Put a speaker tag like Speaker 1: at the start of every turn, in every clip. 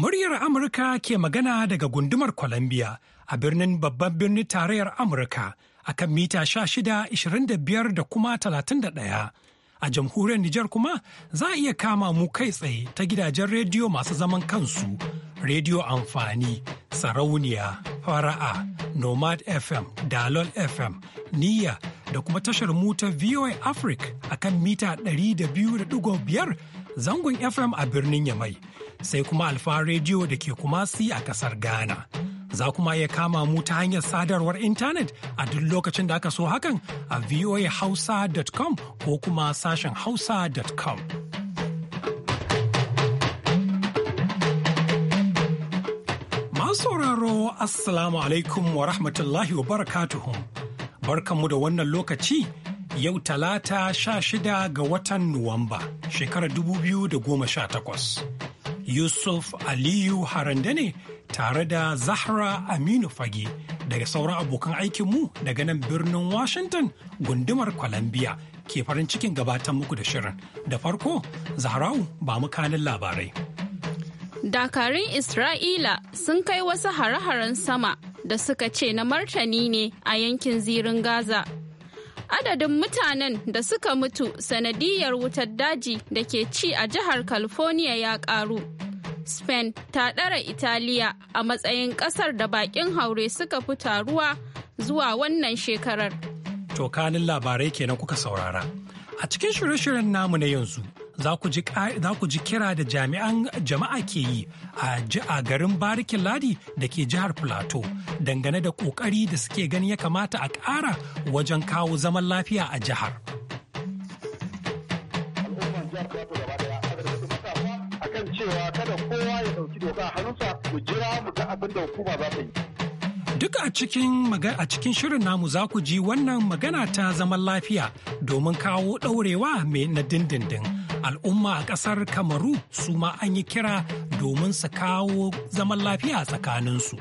Speaker 1: Muryar Amurka ke magana daga gundumar Columbia a birnin babban birnin tarayyar Amurka a kan mita shida, ishirin da kuma 31. A jamhuriyar Nijar kuma za a iya kama mu kai tsaye ta gidajen rediyo masu zaman kansu, rediyo amfani, sarauniya, fara'a, nomad FM, dalol FM, niyya da kuma tashar mu ta VOA Africa a kan mita 200.5 zangon FM a birnin Yamai, sai kuma Alfa Radio da ke Kumasi a kasar Ghana. Za kuma ya kama mu ta hanyar sadarwar intanet a duk lokacin da aka so hakan a voahausa.com ko kuma sashen hausa.com. Masu sauraro Assalamu alaikum wa rahmatullahi wa barakatuhu. Barkanmu da wannan lokaci yau talata sha shida ga watan Nuwamba shekarar takwas, Yusuf Aliyu Harande ne tare da Zahra Aminu Fage daga sauran abokan aikinmu daga nan birnin Washington gundumar Columbia ke farin cikin gabatan muku da shirin. Da farko, Zahrau ba mu kanin labarai.
Speaker 2: Dakarun Isra'ila sun kai wasu hare-haren sama da suka ce na martani ne a yankin zirin Gaza adadin mutanen da suka mutu sanadiyar wutar daji da ke ci a jihar california ya karu spain ta ɗara italiya a matsayin ƙasar da baƙin haure suka fi taruwa zuwa wannan shekarar
Speaker 1: Tokanin labarai kenan kuka saurara a cikin shirye-shiryen namu na yanzu za ku ji kira da jami'an jama'a ke yi a garin barikin ladi da ke jihar plateau dangane da kokari da suke gani ya kamata a ƙara wajen kawo zaman lafiya a jihar
Speaker 3: cewa kada kowa ya ɗauki doka a hannunsa mu jira mu ga abin da hukuma za ta yi
Speaker 1: Duk a cikin a cikin shirin namu za ku ji wannan magana ta zaman lafiya domin kawo ɗaurewa mai na dindindin. Al'umma a ƙasar Kamaru su ma an yi kira domin su kawo zaman lafiya tsakaninsu.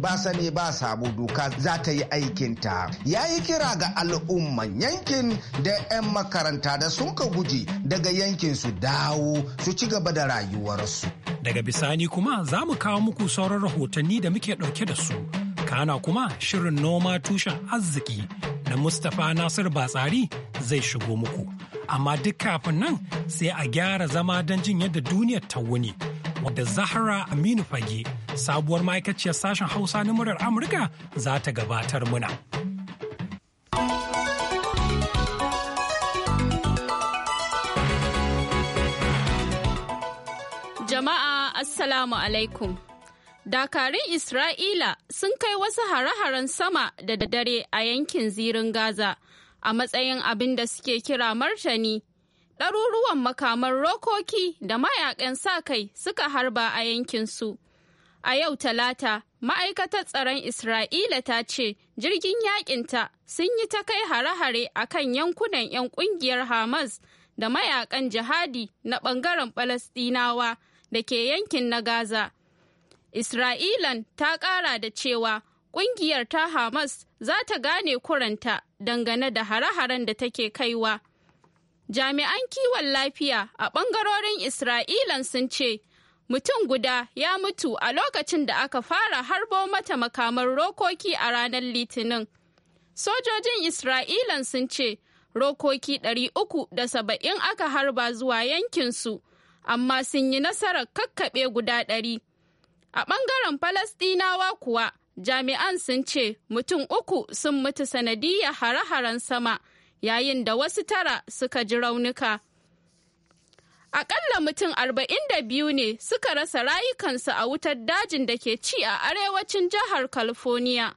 Speaker 4: ba sani ba sabo doka za ta yi aikinta ya yi kira ga al'umman yankin da 'yan makaranta da sun ka guji daga yankin su dawo su ci gaba da rayuwarsu
Speaker 1: daga bisani kuma za mu kawo muku sauran rahotanni da muke ɗauke da su Kana kuma shirin noma tushen arziki na Mustapha Nasir Batsari zai shigo muku. Amma duk kafin nan sai a gyara zama don jin yadda duniyar ta wuni. Wadda Zahra Aminu Fage, sabuwar ma'aikaciyar sashen Hausa na murar Amurka za ta gabatar muna.
Speaker 2: Jama'a Assalamu alaikum. Dakarun Isra'ila sun kai wasu hare-haren sama da dare a yankin zirin Gaza a matsayin abin da suke kira martani. Ɗaruruwan makaman rokoki da mayakan sa-kai suka harba a yankinsu. A yau Talata, ma'aikatar tsaron Isra'ila ta ce jirgin yakinta sun yi ta kai hare-hare a kan yankunan 'yan ƙungiyar Hamas da mayakan jihadi na ɓangaren Falasɗinawa da ke yankin na Gaza. Isra'ilan ta ƙara da cewa ƙungiyar ta Hamas za ta gane kuranta dangane da hare-haren da take kaiwa. Jami'an kiwon lafiya a ɓangarorin Isra'ilan sun ce mutum guda ya mutu a lokacin da aka fara harbo mata makamar rokoki a ranar Litinin. Sojojin Isra'ilan sun ce rokoki ɗari uku da saba'in aka harba zuwa yankinsu, amma sun yi nasarar kakkaɓe guda ɗari. A ɓangaren Falastinawa kuwa, jami'an sun ce mutum uku sun mutu sanadiyar hare-haren sama, yayin da wasu tara suka ji raunuka. Aƙalla mutum arba'in da biyu ne suka rasa rayukansu a wutar dajin da ke ci a arewacin jihar California,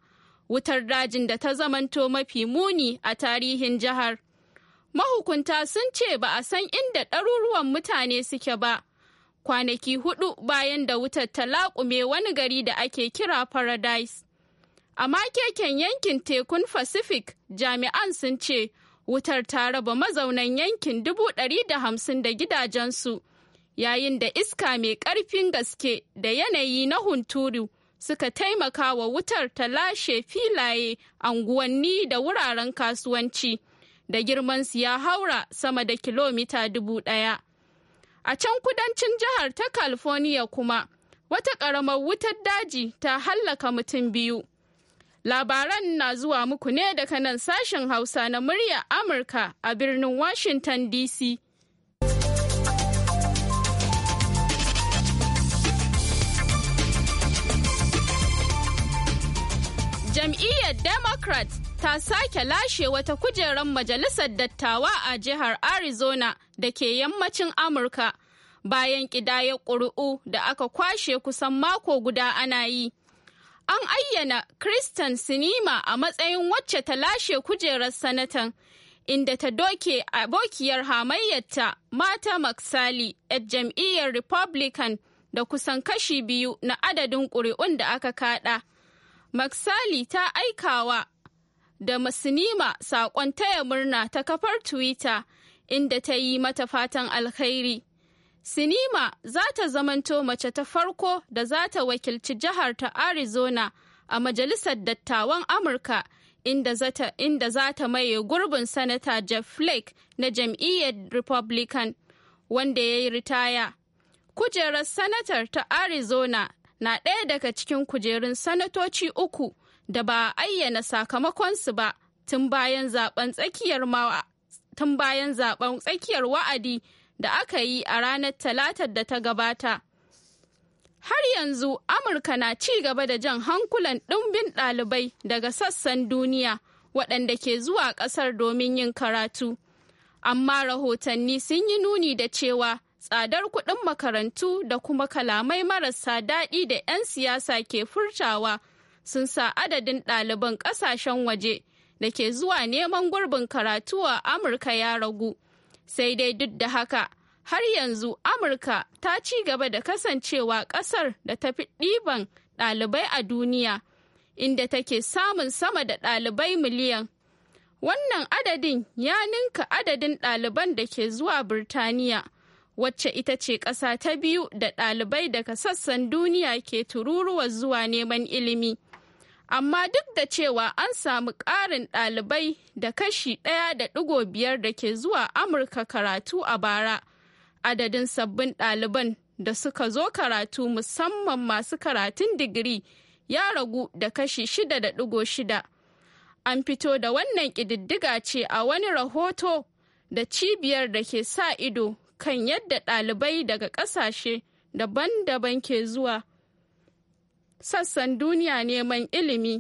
Speaker 2: wutar dajin da ta zamanto mafi muni a tarihin jihar. Mahukunta sun ce ba a san inda ɗaruruwan mutane suke ba. kwanaki hudu bayan da wutar ta laƙume wani gari da ake kira Paradise. Amma keken yankin tekun Pacific jami'an sun ce wutar ta raba mazaunan yankin dubu ɗari da hamsin da gidajensu, yayin da iska mai ƙarfin gaske da yanayi na hunturu suka taimaka wa wutar ta lashe filaye, anguwanni da wuraren kasuwanci, da girmansu ya haura sama da kilomita dubu ɗaya. A can kudancin jihar ta California kuma, wata ƙaramar wutar daji ta hallaka mutum biyu. Labaran na zuwa muku ne daga nan sashen Hausa na murya Amurka a birnin Washington DC. Jam'iyyar Democrat ta sake lashe wata kujerar majalisar dattawa a jihar Arizona da ke yammacin Amurka bayan ƙidayar ƙuri'u da aka kwashe kusan mako guda ana yi. An ayyana Kristen Sinima a matsayin wacce ta lashe kujerar sanatan, inda ta doke abokiyar hamayyarta Mata Maksali 'yar jam'iyyar Republican da kusan kashi biyu na adadin ƙuri'un da aka kada. Maksali ta aikawa da Masinima saƙon taya murna ta kafar Twitter inda ta yi mata fatan alkhairi. Sinima za ta zamanto mace ta farko da za ta wakilci jihar ta Arizona a Majalisar Dattawan Amurka inda za ta maye gurbin Sanata Jeff Flake na jam'iyyar Republican wanda ya yi ritaya. Kujerar Sanatar ta Arizona na ɗaya daga cikin kujerun sanatoci uku da ba a ayyana sakamakonsu ba tun bayan zaben tsakiyar wa'adi da aka yi a ranar Talata da ta gabata. Har yanzu Amurka na ci gaba da jan hankulan ɗumbin ɗalibai daga sassan duniya waɗanda ke zuwa ƙasar domin yin karatu. Amma rahotanni sun yi nuni da cewa tsadar kuɗin makarantu da kuma kalamai marasa daɗi da 'yan siyasa ke furtawa sun sa adadin ɗaliban ƙasashen waje da ke zuwa neman gurbin karatu a Amurka ya ragu. Sai dai duk da haka, har yanzu Amurka ta ci gaba da kasancewa ƙasar da ta fi ɗiban ɗalibai a duniya, inda take samun sama da ɗalibai miliyan. Wannan adadin ya ninka adadin ɗaliban da ke zuwa Birtaniya, wacce ita ce ƙasa ta biyu da ɗalibai daga sassan duniya ke tururuwa zuwa neman ilimi. amma duk da cewa an samu ƙarin ɗalibai da kashi ɗaya da ɗigo biyar da ke zuwa amurka karatu a bara adadin sabbin ɗaliban da suka zo karatu musamman masu karatun digiri ya ragu da kashi shida da ɗigo shida an fito da wannan ƙididdiga ce a wani rahoto da cibiyar da ke sa ido kan yadda ɗalibai daga ƙasashe daban-daban ke zuwa sassan duniya neman ilimi.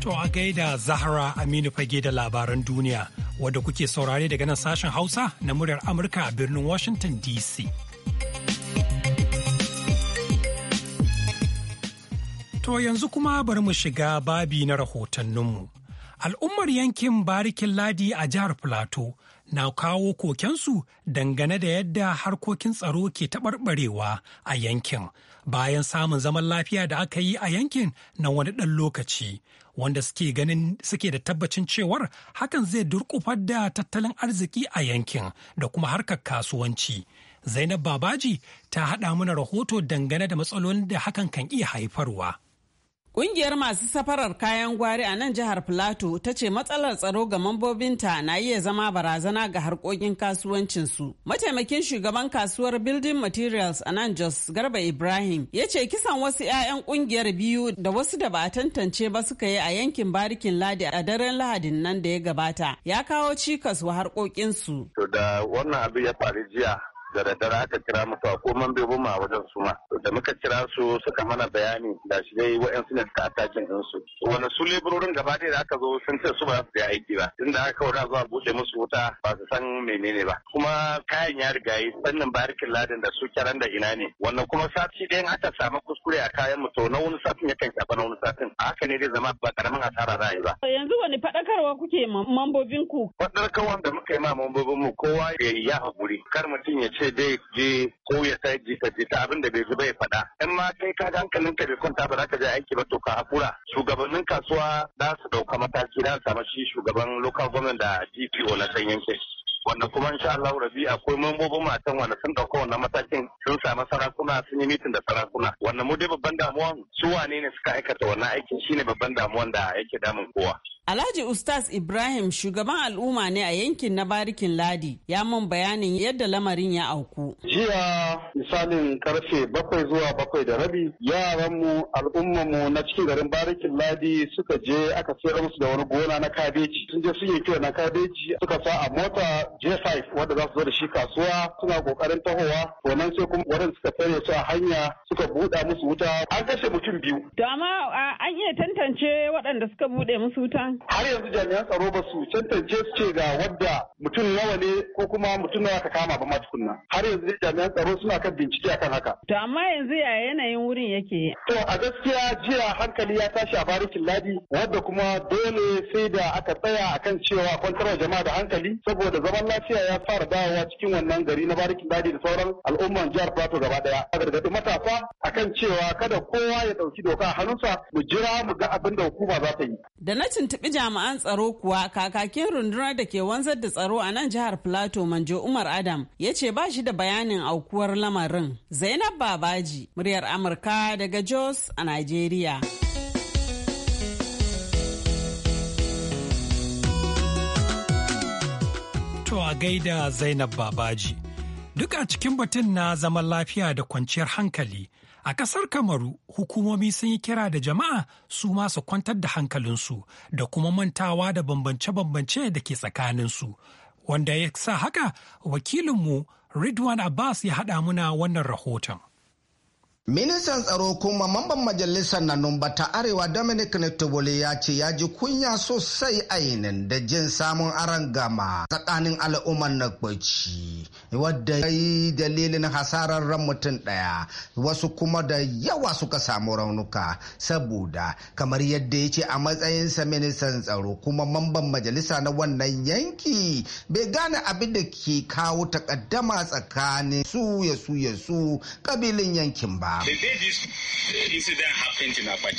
Speaker 1: To a gaida Zahra Aminu fage da labaran duniya wadda kuke saurare daga nan sashen Hausa na muryar Amurka a birnin Washington DC. To yanzu kuma bari mu shiga babi na rahotanninmu. Al'ummar yankin Barikin Ladi a jihar Filato na kawo kokensu dangane da yadda harkokin tsaro ke taɓarɓarewa a yankin bayan samun zaman lafiya da aka yi a yankin na wani ɗan lokaci wanda suke ganin suke da tabbacin cewar hakan zai durƙufar da tattalin arziki a yankin da kuma harkar kasuwanci. Zainab Babaji ta haɗa mana rahoto dangane da matsalolin da hakan kan iya haifarwa.
Speaker 5: Ƙungiyar masu safarar kayan gwari a nan jihar Filato ta ce matsalar tsaro ga mambobinta na iya zama barazana ga harkokin kasuwancinsu. Mataimakin shugaban kasuwar Building Materials a nan Jos Garba Ibrahim ya ce kisan wasu 'ya'yan ƙungiyar biyu da wasu da ba a tantance ba suka yi a yankin barikin ladi a daren lahadin nan da ya gabata ya kawo cikas wa harkokinsu.
Speaker 3: To da wannan abu ya faru jiya da daddare aka kira
Speaker 6: mu to ko membobin ma wajen su ma da muka kira su suka mana bayani da shi dai su ne suka atakin din su wani su leburorin gaba da aka zo sun ce su ba su yi aiki ba inda aka kawo zuwa buɗe musu wuta ba su san menene ba kuma kayan ya riga yi sannan barikin ladin da su kiran da ina ne wannan kuma sati ɗayan aka samu kuskure a kayan mu to na wani satin ya kan shafa na wani satin a haka ne zai zama ba karamin asara za a yi ba.
Speaker 5: yanzu wani faɗakarwa kuke mambobin ku. faɗakarwa da muka yi ma mambobin mu kowa ya yi ya haƙuri kar mutum ya ci ce zai je
Speaker 6: ko ya sai jita jita abin da bai zuba ya faɗa in ma kai ka ga hankalin ka bai kwanta ba za ka je aiki ba to ka hakura shugabannin kasuwa za su ɗauka mataki za su samu shi shugaban local government da DPO na san yankin. wanda kuma sha Allah rabi akwai mambobin matan wanda sun dauko wannan matakin sun samu sarakuna sun yi mitin da sarakuna wanda mu dai babban damuwan su wane ne suka aikata wannan aikin shine babban damuwan da yake damun kowa
Speaker 5: Alhaji Ustaz Ibrahim shugaban al'umma ne a yankin na barikin Ladi ya mun bayanin yadda lamarin ya auku.
Speaker 7: Jiya misalin karfe bakwai zuwa bakwai da rabi Yaran mu, yaranmu mu na cikin garin barikin Ladi suka je aka sayar musu da wani gona na kabeji. Sun je sun yi kiwo na kabeji suka sa a mota J5 wanda za su zo da shi kasuwa suna kokarin tahowa to nan sai kuma wurin suka tare su a hanya suka buɗa musu wuta an kashe mutum biyu. To
Speaker 5: amma an iya tantance waɗanda suka buɗe musu wuta?
Speaker 7: Har yanzu jami'an tsaro ba su tantance su ce ga wadda mutum nawa ne ko kuma mutum nawa ka kama ba ma tukunna. Har yanzu jami'an tsaro suna kan bincike akan haka.
Speaker 5: To amma yanzu ya yanayin wurin yake?
Speaker 7: To a gaskiya jiya hankali ya tashi a barikin ladi wadda kuma dole sai da aka tsaya akan cewa kwantar jama'a da hankali saboda zama zaman lafiya ya fara dawowa cikin wannan gari na barikin daji da sauran al'umman jihar Plateau gaba daya. A gargaɗi matasa kan cewa kada kowa ya ɗauki doka a hannunsa mu jira mu ga abin da hukuma za ta yi.
Speaker 5: Da na tuntuɓi jami'an tsaro kuwa kakakin rundunar da ke wanzar da tsaro a nan jihar Plateau Manjo Umar Adam ya ce ba shi da bayanin aukuwar lamarin. Zainab Babaji, muryar Amurka daga Jos a nigeria.
Speaker 1: To a gaida Zainab Babaji. Duk a cikin batun na zaman lafiya da kwanciyar hankali, a ƙasar Kamaru hukumomi sun yi kira da jama'a su masu kwantar da hankalinsu da kuma mantawa da bambance-bambance da ke tsakaninsu. Wanda ya sa haka wakilinmu Ridwan Abbas ya haɗa muna wannan rahoton.
Speaker 4: Ministan tsaro kuma mamban majalisar na numba ta arewa Dominic netoboli ya ce ya ji kunya sosai yinin da jin samun aron gama tsakanin al'ummar na kwaci wadda ya yi dalilin hasarar ran mutum daya wasu kuma da yawa suka samu raunuka saboda kamar yadda ya ce a matsayinsa ministan tsaro kuma mamban majalisa na wannan yanki bai gane abin da ke kawo takaddama tsakanin su ya su ya su kabilin yankin ba.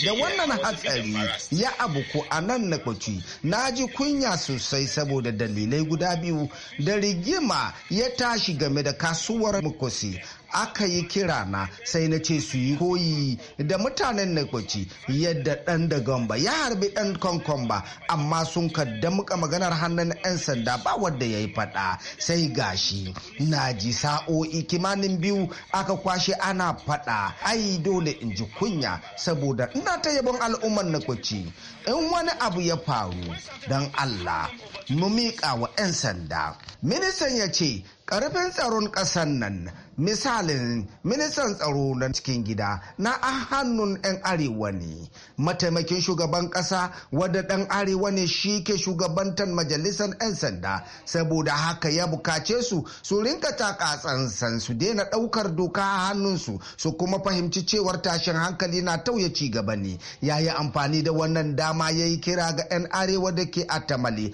Speaker 4: da wannan hatsari ya abu abuku a nan na kwaci na ji kunya sosai saboda dalilai guda biyu da rigima ya tashi game da kasuwar mukosi aka yi kira na sai na ce su yi koyi da mutanen na kwaci yadda ɗan da gamba ya harbi ɗan kwankwan ba amma sun kadda muka maganar hannun 'yan sanda ba wanda ya yi faɗa sai gashi na ji sa'o'i kimanin biyu aka kwashe ana faɗa ai dole in ji kunya saboda ina ta yabon al'ummar kwaci. in wani abu ya faru don Allah mu miƙa wa 'yan sanda ministan ya ce karfin tsaron ƙasar nan misalin ministan tsaro na cikin gida na a hannun 'yan arewa ne mataimakin shugaban ƙasa wadda ɗan arewa ne shi ke shugabantar majalisar 'yan sanda saboda haka ya bukace su su rinka taka su daina ɗaukar doka a hannunsu su kuma fahimci cewar tashin hankali na tauye ci gaba ne ya yi amfani da wannan dama ya yi kira ga 'yan arewa da ke a tamale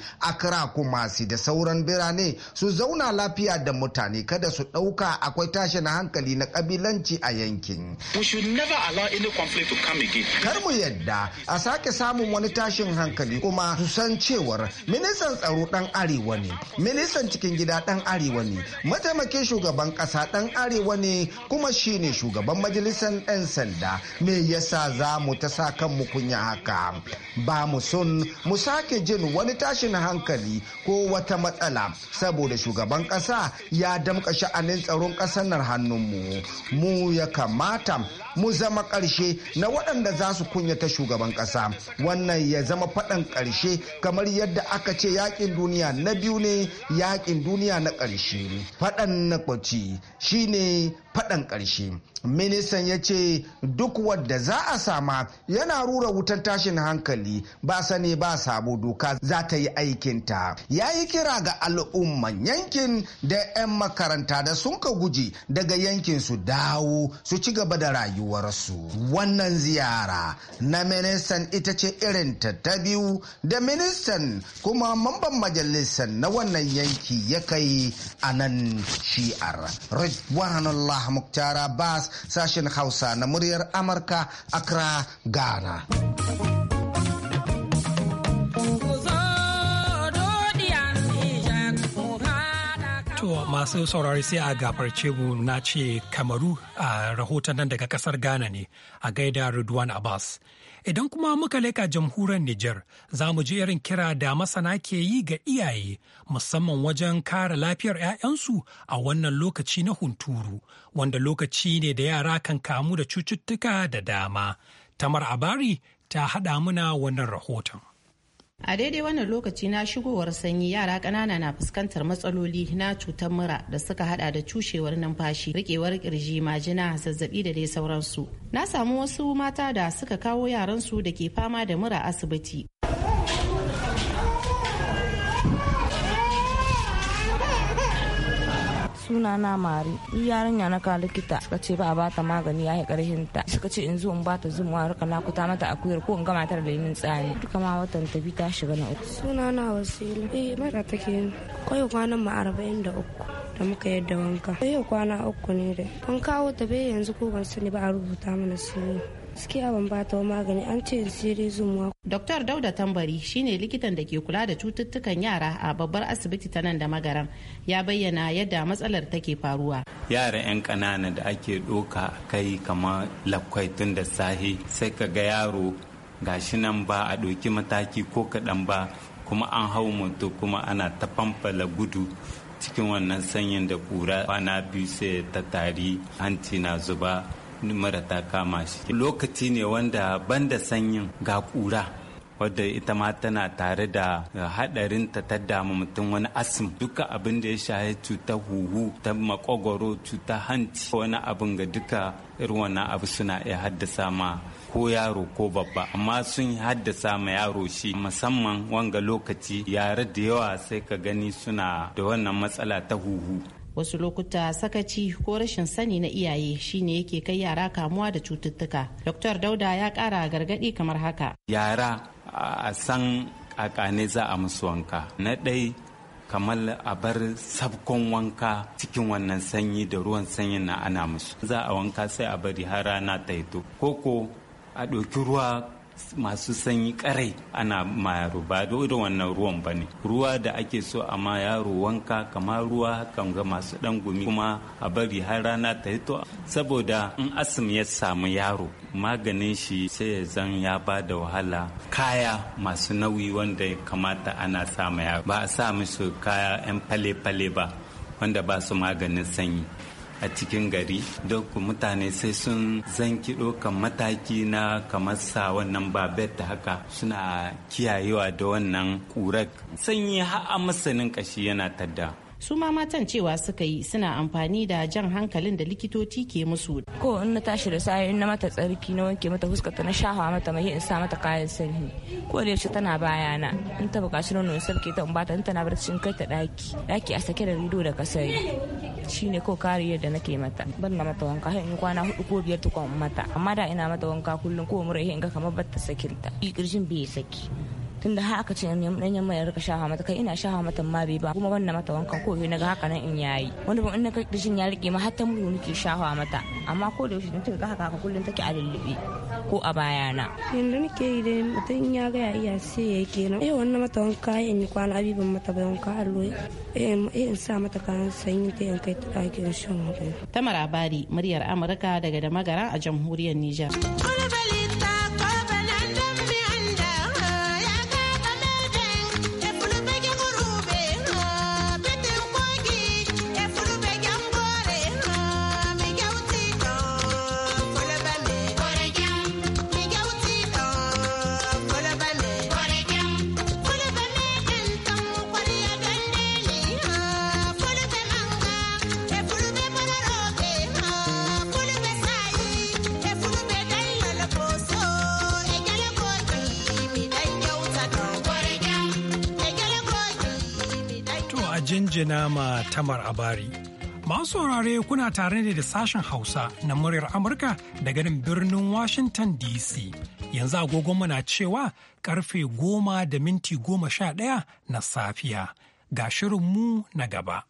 Speaker 4: kuma su da sauran birane su zauna lafiya da mutane kada su ɗauka akwai tashin hankali na kabilanci a yankin. Kar mu yadda a sake samun wani tashin hankali kuma su san cewar ministan tsaro ɗan arewa ne, ministan cikin gida ɗan arewa ne, mataimakin shugaban ƙasa ɗan arewa ne kuma shine shugaban majalisar yan sanda. Me yasa za mu ta sa kanmu kunya haka? Ba mu sun mu sake jin wani tashin hankali ko wata matsala saboda shugaban ƙasa ya damka sha'anin tsaron ƙasar nan hannunmu mu ya kamata mu zama ƙarshe na waɗanda za su kunyata shugaban ƙasa wannan ya zama faɗan ƙarshe kamar yadda aka ce yaƙin duniya na biyu ne yaƙin duniya na ƙarshe faɗan na ƙwaci shine faɗan ƙarshe ministan ya ce duk wadda za a sama yana rura wutan tashin hankali ba sani ba sabo doka za ta yi aikinta ya yi kira ga al'umman yankin da da 'yan makaranta da sun ka guje daga yankin su dawo su ci gaba da rayuwarsu wannan ziyara na ministan ita ce irin ta biyu da ministan kuma mamban majalisar na wannan yanki ya kai a nan shi'ar ridwanullah muktara bas sashen hausa na muryar amurka accra ghana
Speaker 1: To masu saurari sai a gafarce mu na ce kamaru a rahoton nan daga kasar Ghana ne a gaida Ridwan Abbas. Idan kuma muka leka jamhuriyar Nijar za mu ji irin kira da masana ke yi ga iyaye musamman wajen kare lafiyar 'ya'yansu a wannan lokaci na hunturu wanda lokaci ne da yara kan kamu da cututtuka da dama. Tamar Abari ta haɗa muna wannan rahoton.
Speaker 8: A daidai wannan lokaci na shigowar sanyi yara ƙanana na fuskantar matsaloli na cutar mura da suka hada da cushewar numfashi, rikewar kirji, majina, zazzabi da dai sauransu. Na samu wasu mata da suka kawo yaransu da ke fama da mura asibiti.
Speaker 2: suna na mari ni yarinya na ka likita suka ce ba a bata magani ya yi karhin ta suka ce in zo in bata zumuwa rika kuta mata akuyar ko in gama ta da lemin tsari duka ma watan ta bi ta shiga na uku
Speaker 9: suna na wasila
Speaker 2: eh mara take
Speaker 9: kai kwanan ma 43 da muka yadda wanka yau kwana uku ne da an kawo ta bai yanzu ko ban sani ba a rubuta mana suna gaskiya ban ba ta magani an ce
Speaker 8: sai dai Dr. Dauda Tambari shine likitan da ke kula da cututtukan yara a babbar asibiti ta nan da magaram ya bayyana yadda matsalar take faruwa.
Speaker 6: yara 'yan ƙanana da ake ɗoka kai kama lakwai tun da sahi sai ka ga yaro gashi nan ba a ɗoki mataki ko kaɗan ba kuma an hau moto kuma ana ta famfala gudu cikin wannan sanyin da kura kwana biyu sai ta tari hanci na zuba mara kama shi lokaci ne wanda banda sanyin ga kura wadda ita ma tana tare da hadarin ta ta damu mutum wani asim duka abin da ya shahi cuta huhu ta makogoro cuta hanci wani abin ga duka irin wannan abu suna iya haddasa ma ko yaro ko babba amma sun haddasa ma yaro shi musamman wanga lokaci yare da yawa sai ka gani suna da wannan matsala ta huhu
Speaker 8: wasu lokuta sakaci ko rashin sani na iyaye shine yake kai yara kamuwa da cututtuka dr dauda ya kara gargadi kamar haka
Speaker 6: yara a san kakane za a musu wanka na ɗai kamar a bar sabkon wanka cikin wannan sanyi da ruwan sanyin na ana musu za a wanka sai a bari har rana ta ko ko a ɗauki ruwa masu sanyi karai ana ma yaro ba da wannan ruwan ba ne ruwa da ake so a ma yaro wanka kamar ruwa kan ga masu dan gumi kuma a bari har rana ta hito saboda in asim ya samu yaro maganin shi sai ya zan ya ba da wahala kaya masu nauyi wanda ya kamata ana sa yaro ba a sa musu kaya 'yan fale-fale ba wanda ba su maganin sanyi a cikin gari don mutane sai sun zanki ɗaukan mataki na kamar sa wannan babet da haka suna kiyayewa da wannan ƙurar sanyi ha'a masanin ƙashi yana tadda
Speaker 8: su ma matan cewa suka yi suna amfani da jan hankalin da likitoci
Speaker 2: ke musu. Ko in na tashi da safe na mata tsarki na wanke mata ta na shafa mata mai in sa mata kayan sanyi. Ko da yaushe tana baya na in ta buƙaci nono in sarki ta in bata in tana barci in kai ta daki daki a sake da rido da kasari. ne ko kariyar da nake mata ban na mata wanka in kwana hudu ko biyar tukun mata amma da ina mata wanka kullum ko mura in ga kamar batta sakinta eh, kirjin bai saki tunda har aka ce in dan yamma ya rika shaha mata kai ina shaha mata ma bai ba kuma wannan mata wankan ko na ga haka nan in yayi wani ba in kishin ya rike ma har ta mutu nake shaha mata amma ko da yaushe nake ga haka haka kullun take a lullube ko a bayana
Speaker 8: yanda nake yi da mutun ya ga ya iya sai ya kenan eh wannan mata wanka in yi kwana abi ban mata wanka allo eh, eh in sa mata kayan sanyi ta yanka kai ta ɗakin shan Tamara Bari muryar Amurka daga da magara a jamhuriyar Nijar.
Speaker 1: jinjina ma Tamar Abari. Masu saurare kuna tare ne da sashen Hausa na muryar Amurka daga nan birnin Washington DC. Yanzu agogonmu na cewa karfe goma da minti goma sha ɗaya na safiya. Ga shirinmu
Speaker 9: na gaba.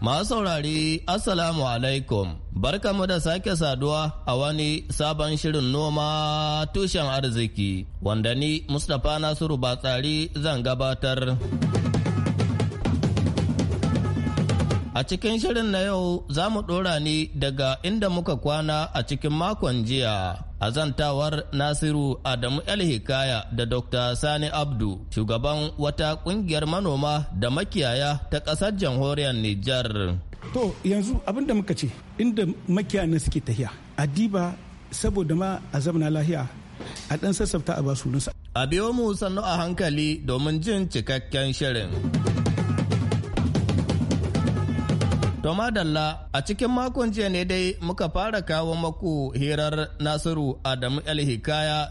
Speaker 9: Masu saurare, Assalamu alaikum. Barka mu da sake saduwa a wani sabon shirin noma tushen arziki wanda ni Mustapha Nasiru Batsari zan gabatar. A cikin shirin na yau za mu ɗora ni daga inda muka kwana a cikin makon jiya. azantawar nasiru adamu Elhikaya hikaya da dr sani abdu shugaban wata ƙungiyar manoma da makiyaya ta ƙasar jamhuriyar nijar to yanzu abin da muka ce
Speaker 10: inda na suke tahiya adiba saboda ma a zamana lahiya a dan sassafta a basunansa
Speaker 9: a biyo mu sannu a hankali domin jin cikakken shirin To madalla a cikin makon jiya ne dai muka fara kawo maku hirar Nasiru Adamu El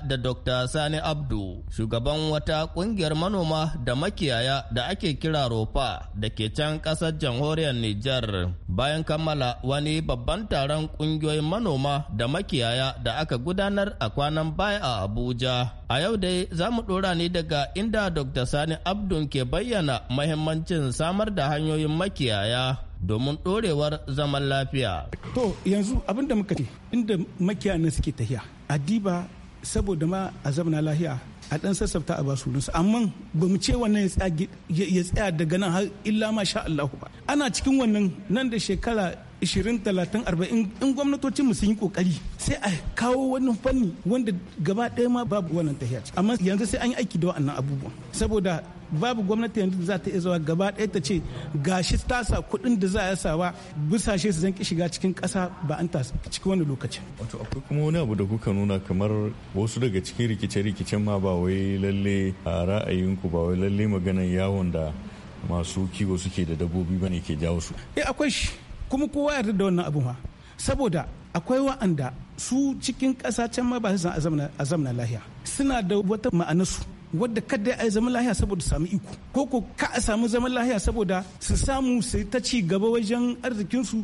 Speaker 9: da Dr. Sani Abdu, shugaban wata kungiyar manoma da makiyaya da ake kira Rofa da ke can ƙasar jamhuriyar Nijar bayan kammala wani babban taron ƙungiyoyin manoma da makiyaya da aka gudanar a kwanan baya a Abuja. A yau dai za mu ɗora ne daga inda Dr. Sani Abdu ke bayyana mahimmancin samar da hanyoyin makiyaya domin ɗorewar zaman lafiya.
Speaker 10: To yanzu abin da muka ce inda makiyanan suke tahiya adiba saboda ma a zamana lahiya a ɗan sassafta a basu nusu amma ba mu ce wannan ya tsaya daga nan har illa ma sha Allahu ba ana cikin wannan nan da shekara 20 30 40 in gwamnatocin mu sun yi kokari sai a kawo wani fanni wanda gaba ɗaya ma babu wannan tahiya amma yanzu sai an yi aiki da wannan abubuwan saboda babu gwamnati yanzu da za ta iya zawa gaba ɗaya ta ce gashi ta sa kuɗin da za a wa busashe su zan ki shiga cikin ƙasa ba an tasa cikin wani lokacin.
Speaker 3: wato akwai kuma wani abu da kuka nuna kamar wasu daga cikin rikice-rikicen ma ba wai lalle a ra'ayinku ba wai lalle maganan yawon da masu kiwo suke da dabbobi bane ke jawo su. eh akwai shi kuma kowa yarda da wannan abu ma
Speaker 10: saboda akwai wa'anda su cikin ƙasa can ma ba su san azamna lahiya suna da wata ma'anarsu wadda kada a zaman lahiya saboda samu iko ko ko ka a samu zaman lahiya saboda su samu su ta ci gaba wajen arzikinsu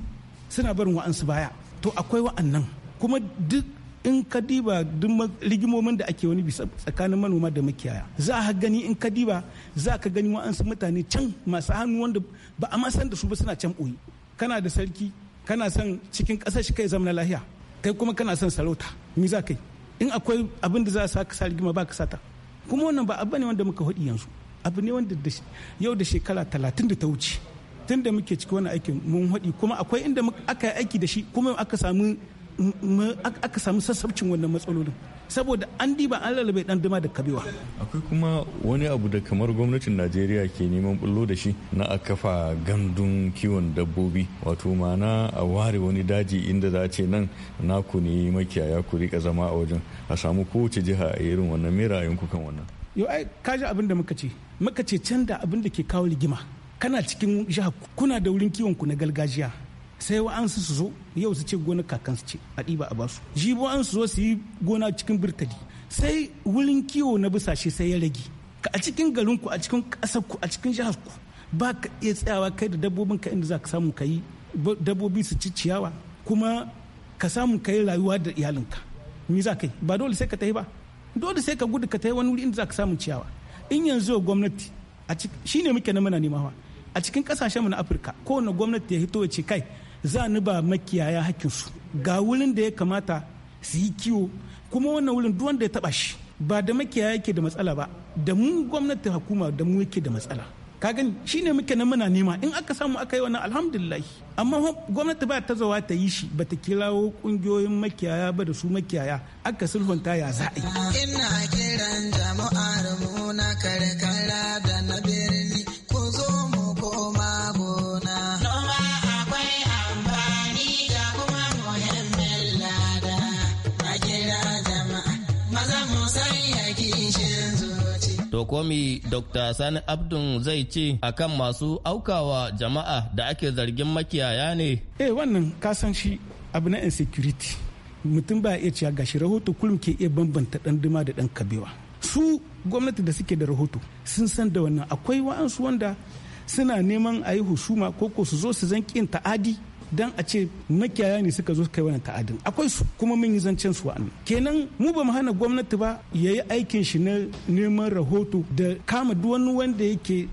Speaker 10: suna barin wa'ansu baya to akwai wa'annan kuma duk in ka diba duk rigimomin da ake wani bisa tsakanin manoma da makiyaya za a gani in ka diba za ka gani wa'ansu mutane can masu hannu wanda ba a ma san da su ba suna can ɓoye kana da sarki kana son cikin ƙasar shi kai zaman lahiya kai kuma kana son sarauta me za kai in akwai abin da za a sa ka sa rigima ba ka sata kuma wannan ba abu ne wanda muka haɗi yanzu abu ne wanda yau da shekara talatin da ta wuce tun da muke ciki wani aikin mun haɗi kuma akwai inda aka yi aiki da shi kuma aka aka samu sassabcin wannan matsalolin saboda an diba an lalabe dan duma da kabewa
Speaker 3: akwai kuma wani abu da kamar gwamnatin najeriya ke neman bullo da shi na a kafa gandun kiwon dabbobi wato ma'ana a ware wani daji inda za ce nan naku ne makiyaya ku rika zama a wajen a samu kowace jiha a irin wannan mera yanku kan wannan yo ai kaji abin da muka ce muka ce can da abin da ke kawo
Speaker 10: rigima kana cikin jiha kuna da wurin kiwon ku na gargajiya sai wa'ansu su zo yau su ce kakan kakansu ce a ɗiba a basu jibo an su zo su yi gona cikin birtali sai wurin kiwo na bisashe sai ya rage ka a cikin ku a cikin ku a cikin jihar ku ba ka iya tsayawa kai da dabbobin ka inda za ka samu ka yi dabbobi su ci ciyawa kuma ka samu ka yi rayuwa da iyalinka me za ka yi ba dole sai ka tafi ba dole sai ka gudu ka tafi wani wuri inda za ka samu ciyawa in yanzu gwamnati a cikin shine muke na muna nemawa a cikin kasashen mu na Afirka kowane gwamnati ya hito ya ce kai za ni ba makiyaya hakkinsu ga wurin da ya kamata su yi kiwo kuma wannan wurin duk wanda ya taba shi ba da makiyaya yake da matsala ba da mu gwamnati hukuma da mu yake da matsala ka gani shi ne muke nan muna nema in aka samu aka yi wannan alhamdulillah amma gwamnati ba ta zawa ta yi shi ba ta kirawo kungiyoyin makiyaya ba da su makiyaya aka sulhunta ya za ina
Speaker 5: kiran jama'ar mu na karkara da na
Speaker 9: To komi Dr. Sani Abdun zai ce akan masu aukawa jama'a da ake zargin makiyaya ne. Eh wannan kasan shi
Speaker 10: abu na insecurity. Mutum ba iya cewa gashi rahoto kullum ke iya bambanta dan duma da dan kabewa. Su gwamnati da suke da rahoto sun san da wannan akwai wa'ansu wanda suna neman a yi husuma ko ko su zo su zan ta'adi dan a ce makiyaya ne suka zo kai wannan ta'adin akwai su kuma mun yi zancen su wa'annan kenan mu ba mu hana gwamnati ba ya yi aikin shi na neman rahoto da kama duk wani wanda yake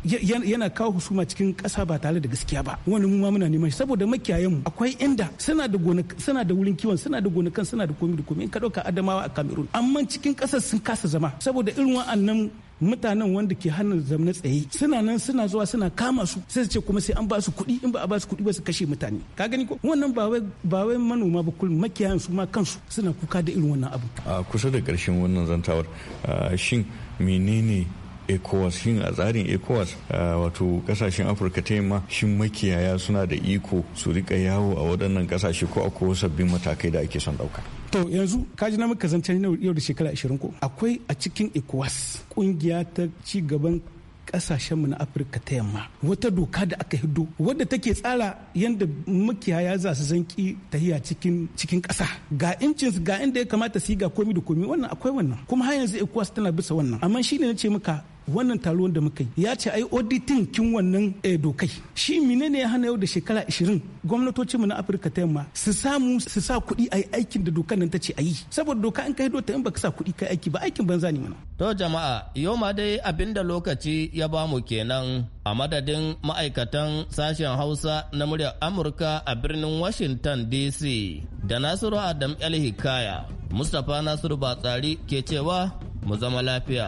Speaker 10: yana kawo husuma cikin kasa ba tare da gaskiya ba wani mu ma muna neman shi saboda makiyayan mu akwai inda suna da gona suna da wurin kiwon suna da gonakan suna da komi da komi in ka dauka adamawa a Cameroon amma cikin kasar sun kasa zama saboda irin wa'annan mutanen wanda ke hannun zamna tsaye suna nan suna zuwa suna kama su sai su ce kuma sai an ba su kuɗi in ba a ba su kuɗi ba su kashe mutane ka gani ko wannan ba wai manoma ba kullum makiyayan su ma kansu suna kuka da irin wannan abu
Speaker 3: a kusa da ƙarshen wannan zantawar shin menene ecowas shin a tsarin ecowas wato kasashen afirka ta yamma shin makiyaya suna da iko su rika yawo a waɗannan kasashe ko akwai sabbin matakai da ake son ɗauka
Speaker 10: to yanzu kaji na muka zancen yau da shekara 20 ko akwai a cikin ecowas kungiya ta ci gaban kasashenmu na afirka ta yamma wata doka da aka hiddo wadda take tsara yadda makiyaya za su zanki tahiya cikin cikin kasa ga incinsu ga inda ya kamata su yi ga komi da komi wannan akwai wannan kuma har yanzu ecowas tana bisa wannan amma shine na ce maka wannan taruwan da muka yi ya ce ai auditing kin wannan eh, dokai shi mine ne ya hana yau da shekara 20 gwamnatoci mu na afirka ta yamma su samu su sa kuɗi ai aikin da dokar nan ta ce ayi saboda doka in ka hido ta in baka sa kuɗi kai aiki ba aikin
Speaker 9: banza ne mana to jama'a yau ma dai abinda lokaci ya ba mu kenan a madadin ma'aikatan sashen hausa na muryar amurka a birnin washington dc da nasiru adam el hikaya mustapha nasiru batsari ke cewa mu zama lafiya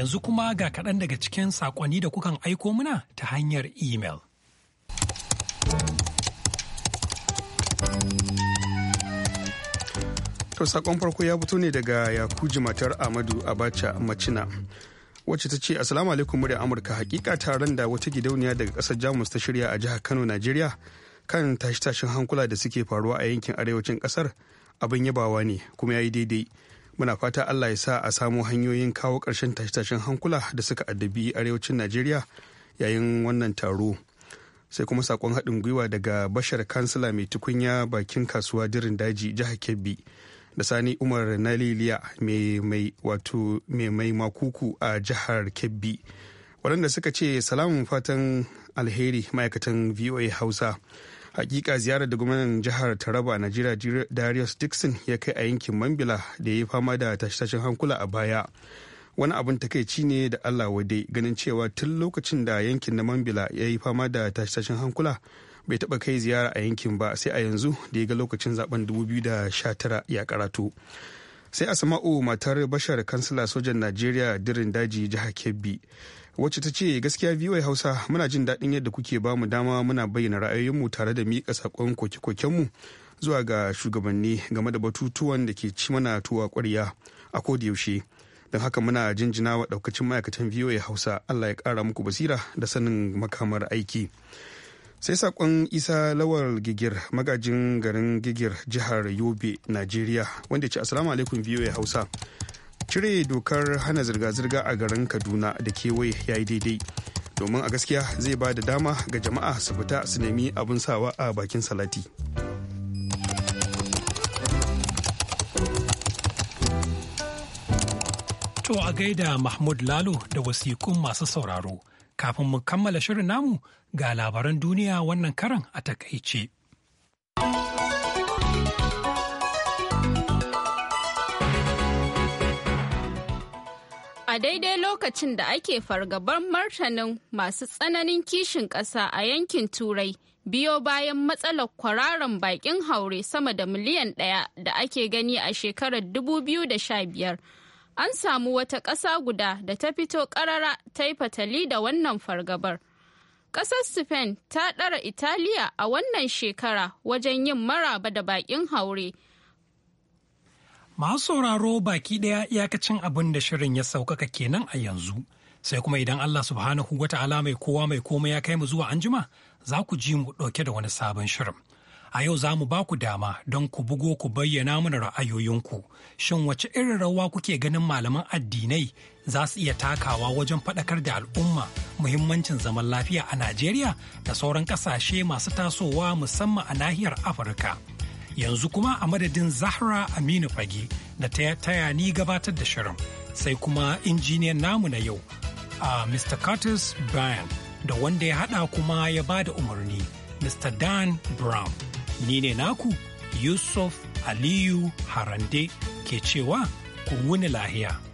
Speaker 1: Yanzu kuma ga kaɗan daga cikin saƙonni da kukan aiko muna ta hanyar email.
Speaker 7: To sakon farko ya fito ne daga Yakuji matar Amadu Abacha Macina. wacce ta ce asalamu alaikum murya amurka hakika taron da wata gidauniya daga kasar jamus ta shirya a jihar kano najeriya kan tashi-tashin hankula da suke faruwa a yankin arewacin kasar abin yabawa ne kuma ya yi daidai muna fata allah ya sa a samu hanyoyin kawo ƙarshen tashe-tashen hankula da suka addabi arewacin najeriya yayin wannan taro sai kuma sakon haɗin gwiwa daga bashar kansila mai tukunya bakin kasuwa dirin daji jihar kebbi da sani umar naliliya mai wato mai makuku a jihar kebbi waɗanda suka ce salamun fatan alheri ma'aikatan voa hausa hakika ziyarar da gwamnan jihar taraba najeriya darius dixon ya kai a yankin mambila da ya yi fama da tashe hankula a baya wani abin takaici ne da allah wade ganin cewa tun lokacin da yankin na mambila ya yi fama da tashe hankula bai taba kai ziyara a yankin ba sai a yanzu da ya ga lokacin zaben 2019 ya karatu sai asama'u matar bashar kansila sojan najeriya dirin daji jihar kebbi wacce ta ce gaskiya VOA Hausa muna jin daɗin yadda kuke ba mu dama muna bayyana ra'ayoyinmu tare da miƙa saƙon koke-kokenmu zuwa ga shugabanni game da batutuwan da ke ci mana tuwa ƙwarya a yaushe Don haka muna jinjina wa ɗaukacin ma'aikatan VOA Hausa Allah ya ƙara muku basira da sanin makamar aiki. Sai saƙon Isa Lawal Gigir magajin garin Gigir jihar Yobe, Najeriya wanda ya ce Assalamu alaikum VOA Hausa. cire dokar hana zirga-zirga a garin kaduna da kewaye ya yi daidai domin a gaskiya zai ba da dama ga jama'a su fita su nemi abin sawa a bakin salati
Speaker 1: to a gaida mahmud lalo da wasikun masu sauraro kafin mu kammala shirin namu ga labaran duniya wannan karan a takaice.
Speaker 2: daidai lokacin da ake fargabar martanin masu tsananin kishin ƙasa a yankin Turai biyo bayan matsalar kwararan bakin haure sama da miliyan ɗaya da ake gani a shekarar 2015. An samu wata ƙasa guda da ta fito ƙarara ta yi fatali da wannan fargabar. Ƙasar Spain ta ɗara Italiya a wannan shekara wajen yin maraba da bakin haure.
Speaker 1: Masu sauraro baki ɗaya iyakacin abin da shirin ya saukaka kenan a yanzu. Sai kuma idan Allah subhanahu wa ta'ala mai kowa mai komai ya kai mu zuwa anjima za ku ji mu ɗauke da wani sabon shirin. A yau za mu ba ku dama don ku bugo ku bayyana mana ra'ayoyinku. Shin wace irin rawa kuke ganin malaman addinai za su iya takawa wajen faɗakar da al'umma muhimmancin zaman lafiya a Najeriya da sauran ƙasashe masu tasowa musamman a nahiyar Afirka. yanzu kuma a madadin Zahra Aminu Fage da ta taya ni gabatar da shirin sai kuma injiniyan namu na yau a Mr. Curtis Bryan da wanda ya hada kuma ya ba da umarni Mr. Dan Brown. Ni ne naku Yusuf Aliyu Harande ke cewa ku wuni lahiya.